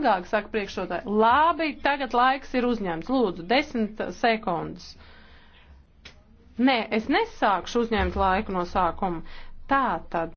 ilgāk, saka priekšsotāji. Labi, tagad laiks ir uzņemts. Lūdzu, desmit sekundes. Nē, es nesākšu uzņemt laiku no sākuma. Tā tad.